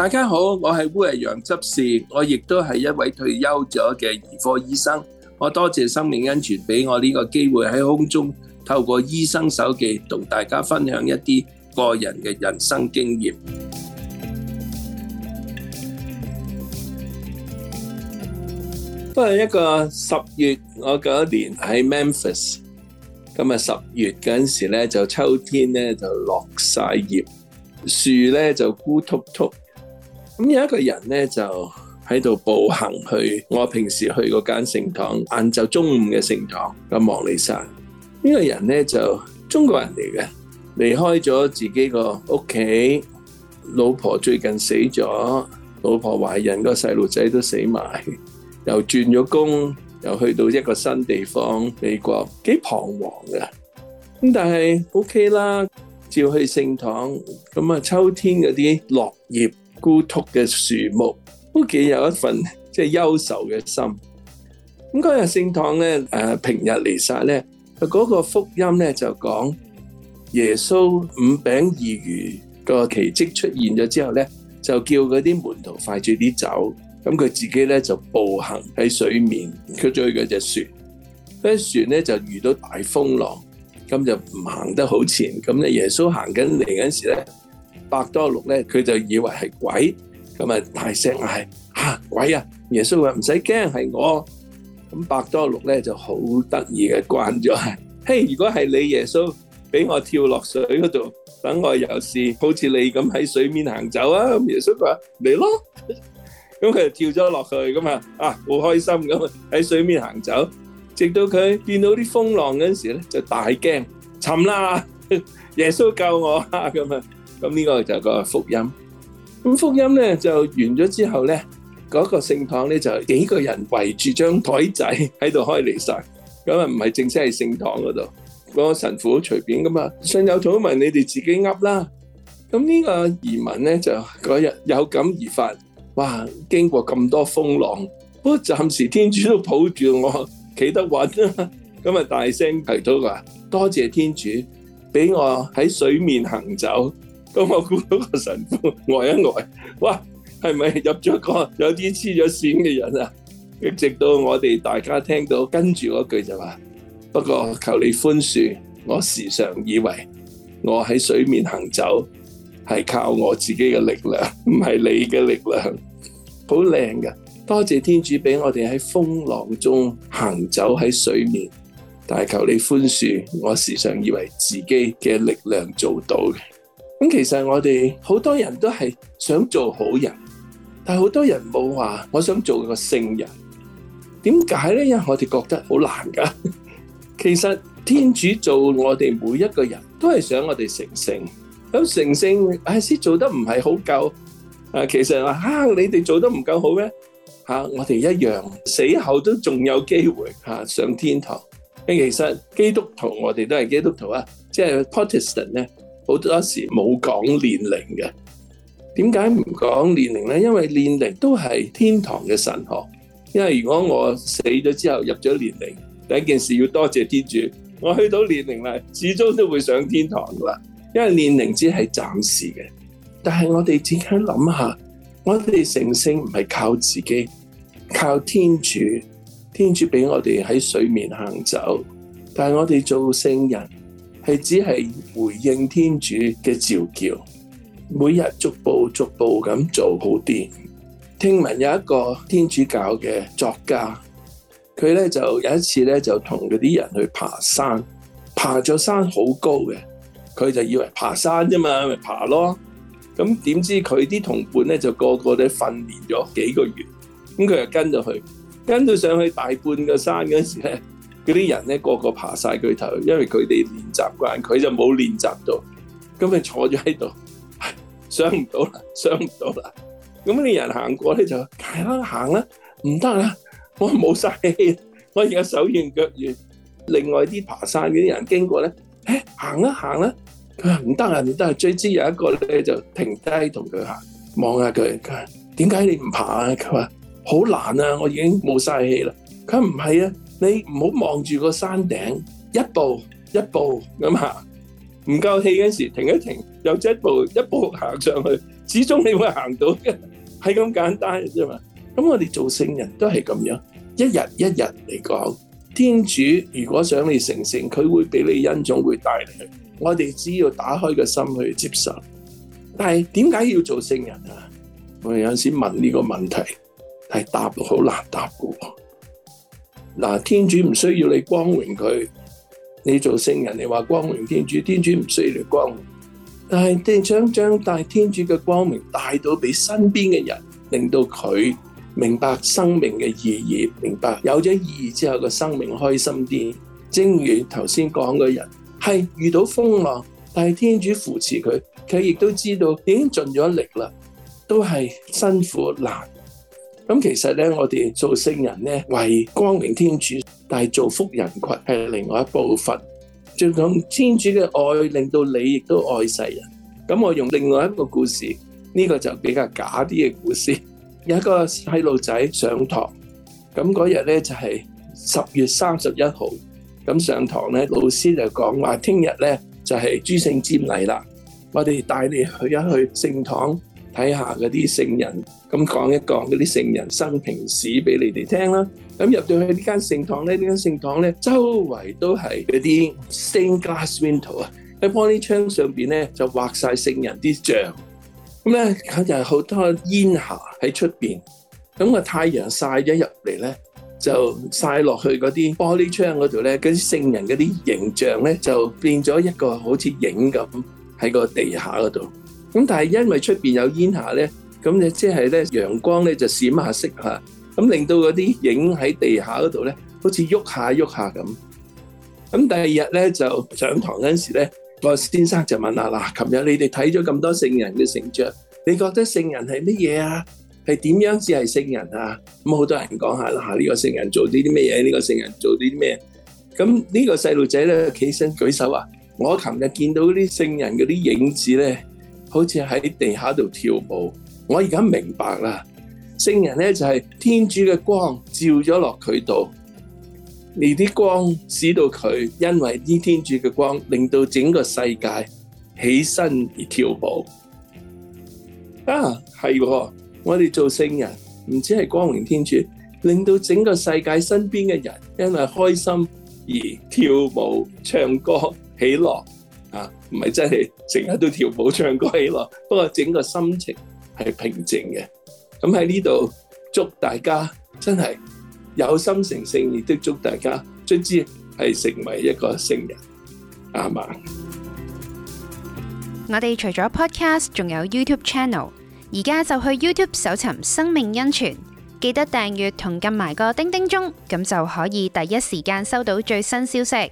大家好，我係烏日陽執事，se, 我亦都係一位退休咗嘅兒科醫生。我多謝生命恩泉俾我呢個機會喺空中透過醫生手記同大家分享一啲個人嘅人生經驗。都係一個十月，我嗰年喺 Memphis，今日十月嗰陣時咧就秋天咧就落晒葉，樹咧就孤禿禿。咁有一個人咧，就喺度步行去我平時去嗰間聖堂，晏晝中午嘅聖堂。咁望李山呢個人咧就中國人嚟嘅，離開咗自己個屋企，老婆最近死咗，老婆懷孕，個細路仔都死埋，又轉咗工，又去到一個新地方美國，幾彷徨嘅咁，但係 OK 啦，照去聖堂咁啊，秋天嗰啲落葉。孤獨嘅樹木都幾有一份即係憂愁嘅心。咁嗰日聖堂咧，誒平日彌撒咧，嗰個福音咧就講耶穌五餅二魚個奇迹出現咗之後咧，就叫嗰啲門徒快住啲走，咁佢自己咧就步行喺水面，追佢嗰隻船，跟住隻船咧就遇到大風浪，咁就唔行得好前，咁咧耶穌行緊嚟嗰時咧。伯多祿咧，佢就以為係鬼，咁啊大聲嗌吓，鬼啊！耶穌話唔使驚，係我。咁伯多祿咧就好得意嘅慣咗，嘿！如果係你耶穌，俾我跳落水嗰度，等我有事，好似你咁喺水面行走啊！耶穌話嚟咯，咁佢就跳咗落去噶嘛，啊，好開心咁啊喺水面行走，直到佢見到啲風浪嗰時咧，就大驚沉啦！耶穌救我啊咁啊！咁呢個就係個福音。咁福音咧就完咗之後咧，嗰個聖堂咧，就幾個人圍住張枱仔喺度開嚟曬咁啊，唔係正式係聖堂嗰度嗰個神父隨便㗎嘛。信友禱文，你哋自己噏啦。咁呢個移民咧就嗰日有感而發，哇！經過咁多風浪，不過暫時天主都抱住我企得穩啊。咁啊，大聲提到話多謝天主俾我喺水面行走。咁我估到個神父呆一呆，哇，係咪入咗個有啲黐咗線嘅人啊？一直到我哋大家聽到跟住嗰句話就話，不過求你寬恕，我時常以為我喺水面行走係靠我自己嘅力量，唔係你嘅力量，好靚㗎。多謝天主俾我哋喺風浪中行走喺水面，但係求你寬恕，我時常以為自己嘅力量做到嘅。咁其實我哋好多人都係想做好人，但係好多人冇話我想做個聖人。點解咧？因為我哋覺得好難噶。其實天主做我哋每一個人，都係想我哋成聖。咁成聖，阿師做得唔係好夠啊。其實話吓你哋做得唔夠好咩？吓我哋一樣，死後都仲有機會吓上天堂。咁其實基督徒我哋都係基督徒啊，即係 Christian 咧。好多時冇講年齡嘅，點解唔講年齡呢？因為年齡都係天堂嘅神學，因為如果我死咗之後入咗年齡，第一件事要多謝天主，我去到年齡啦，始終都會上天堂噶啦。因為年齡只係暫時嘅，但係我哋只係諗下，我哋成聖唔係靠自己，靠天主，天主俾我哋喺水面行走，但係我哋做聖人。係只係回應天主嘅召叫，每日逐步逐步咁做好啲。聽聞有一個天主教嘅作家，佢咧就有一次咧就同嗰啲人去爬山，爬咗山好高嘅，佢就以為爬山啫嘛，咪爬咯。咁點知佢啲同伴咧就個個都訓練咗幾個月，咁佢就跟咗去，跟到上去大半個山嗰時咧。嗰啲人咧個個爬晒佢頭，因為佢哋練習慣，佢就冇練習到，咁你坐咗喺度，上唔到啦，上唔到啦。咁啲人走過呢行過咧就行啦，啊，行啦，唔得啦，我冇晒氣，我而家手軟腳軟。另外啲爬山嗰啲人經過咧，誒、欸、行啦，啊，行啦，啊，佢話唔得啊唔得啊！最知有一個咧就停低同佢行，望下佢，佢話點解你唔爬啊？佢話好難啊，我已經冇晒氣啦。佢話唔係啊。你唔好望住個山頂，一步一步咁行，唔夠氣嗰時停一停，又一步一步行上去，始終你會行到嘅，係咁簡單嘅啫嘛。咁我哋做聖人都係咁樣，一日一日嚟講。天主如果想你成聖，佢會俾你恩寵，會帶嚟，我哋只要打開個心去接受。但係點解要做聖人啊？我哋有陣時問呢個問題，係答好難答嘅。嗱，天主唔需要你光榮佢，你做聖人，你話光榮天主，天主唔需要你光榮，但係你想將大天主嘅光明帶到俾身邊嘅人，令到佢明白生命嘅意義，明白有咗意義之後嘅生命開心啲。正如頭先講嘅人，係遇到風浪，但係天主扶持佢，佢亦都知道已經盡咗力啦，都係辛苦難。咁其實咧，我哋做聖人咧，為光明天主，但係造福人群係另外一部分。就咁天主嘅愛，令到你亦都愛世人。咁我用另外一個故事，呢個就比較假啲嘅故事。有一個細路仔上堂，咁嗰日咧就係十月三十一號，咁上堂咧，老師就講話，聽日咧就係諸聖瞻禮啦，我哋帶你去一去聖堂。睇下嗰啲聖人，咁講一講嗰啲聖人生平史俾你哋聽啦。咁入到去呢間聖堂咧，呢間聖堂咧，周圍都係嗰啲 stained glass window 啊，喺玻璃窗上邊咧就畫晒聖人啲像。咁咧，佢就係好多煙霞喺出邊。咁個太陽曬咗入嚟咧，就曬落去嗰啲玻璃窗嗰度咧，嗰啲聖人嗰啲形象咧就變咗一個好似影咁喺個地下嗰度。咁但係因為出邊有煙霞咧，咁你即係咧陽光咧就閃下熄下，咁令到嗰啲影喺地下嗰度咧，好似喐下喐下咁。咁第二日咧就上堂嗰陣時咧，個先生就問啊，嗱，琴日你哋睇咗咁多聖人嘅成像，你覺得聖人係乜嘢啊？係點樣先係聖人啊？咁好多人講下啦，下呢個聖人做啲啲咩嘢？呢個聖人做啲啲咩？咁呢個細路仔咧企身舉手話：我琴日見到啲聖人嗰啲影子咧。好似喺地下度跳舞，我而家明白啦。聖人咧就係、是、天主嘅光照咗落佢度，而啲光使到佢因為呢天主嘅光，令到整個世界起身而跳舞。啊，係，我哋做聖人唔止係光榮天主，令到整個世界身邊嘅人因為開心而跳舞、唱歌、喜樂。唔係真係成日都跳舞唱歌起，不過整個心情係平靜嘅。咁喺呢度祝大家真係有心成聖，亦都祝大家終之係成為一個聖人，阿們。我哋除咗 Podcast，仲有 YouTube Channel，而家就去 YouTube 搜尋生命恩泉，記得訂閱同撳埋個叮叮鐘，咁就可以第一時間收到最新消息。